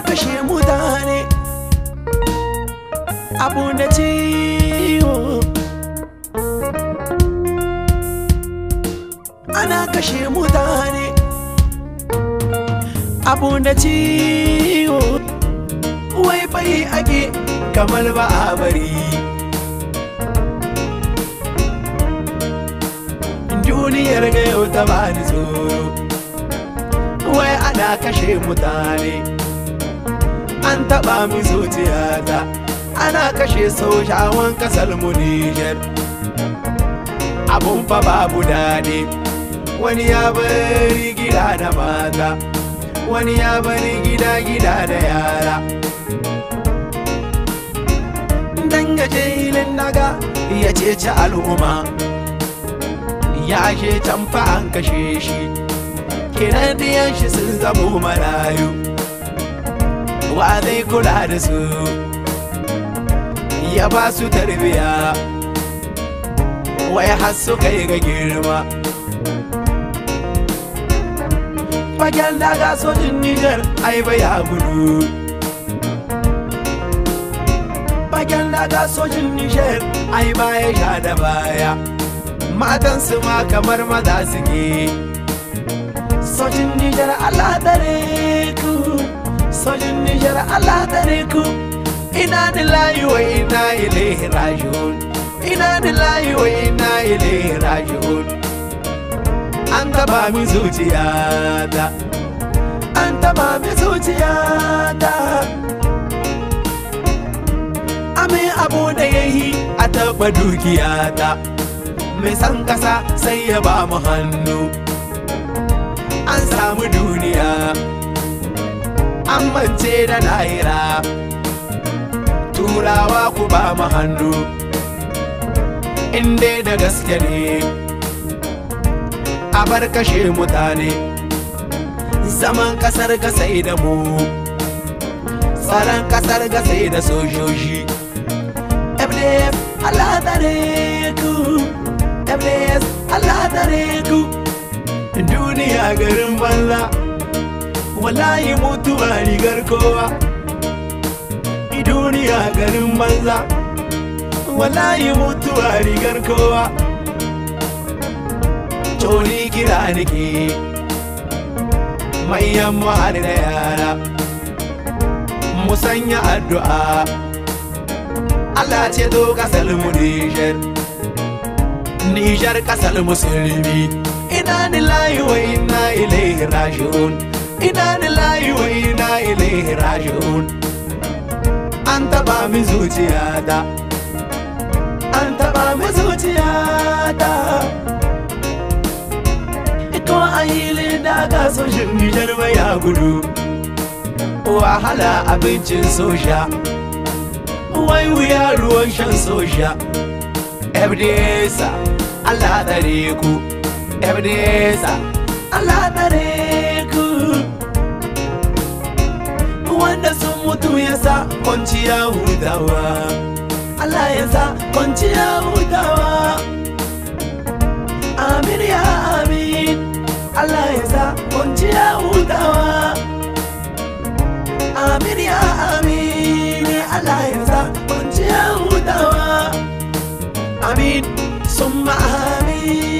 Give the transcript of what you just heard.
kashe mutane abu da ciwo ana kashe mutane abu da ciwo wai bai ake kamar ba a bari duniyar ga yau ta bani tsoro wai ana kashe mutane an taɓa mi zuciyata ana kashe sojawan kasar munijar abun fa babu daɗi wani ya bari gida da mata wani ya bari gida gida da yara danga jilin daga ya ceci al'umma ya ce can fa an kashe shi kinan diyan shi sun zamo marayu wa zai kula da su ya ba su tarbiya wai har su kai ga girma fagen daga sojin nijar ai ya gudu fagen daga sojin nijar ai ya sha da baya matansu ma kamar maza suke sojin nijar aladare hanyar Allah dare ku ina da layi wa ina ilaihi raji'un ina da layi wa ina ilaihi raji'un an taba mi zuciya da an taba mi zuciya da ame abu da yayi a taba dukiya da mai san kasa sai ya ba mu hannu an samu duniya an da naira turawa ku ba mu hannu inda da gaske ne a bar kashe mutane zaman kasar ka sai da mu tsaron kasar ka sai da sojoji ebles allah ku ebles allah ku duniya garin banza wallahi mutuwa rigar kowa duniya garin banza wallahi mutuwa rigar kowa coli kira mai yamma mahali da yara musanya addu'a Allah ce to kasar mu Nijar Nijar kasar musulmi ina ni layi ina ilaihi rajun ina ni layi wa ina ilaihi raji'un an taba min ta. an taba min ta. ko a yi da ga soshin nijar ya gudu wahala abincin soja wai wuya ruwan shan soja ebdesa allah dare ku ebdesa allah dare ku ya sa kwanciya hutawa Allah ya sa kwanciya hutawa Amin ya amin Allah ya sa kwanciya hutawa Amin ya amin Allah ya sa kwanciya hutawa Amin summa amin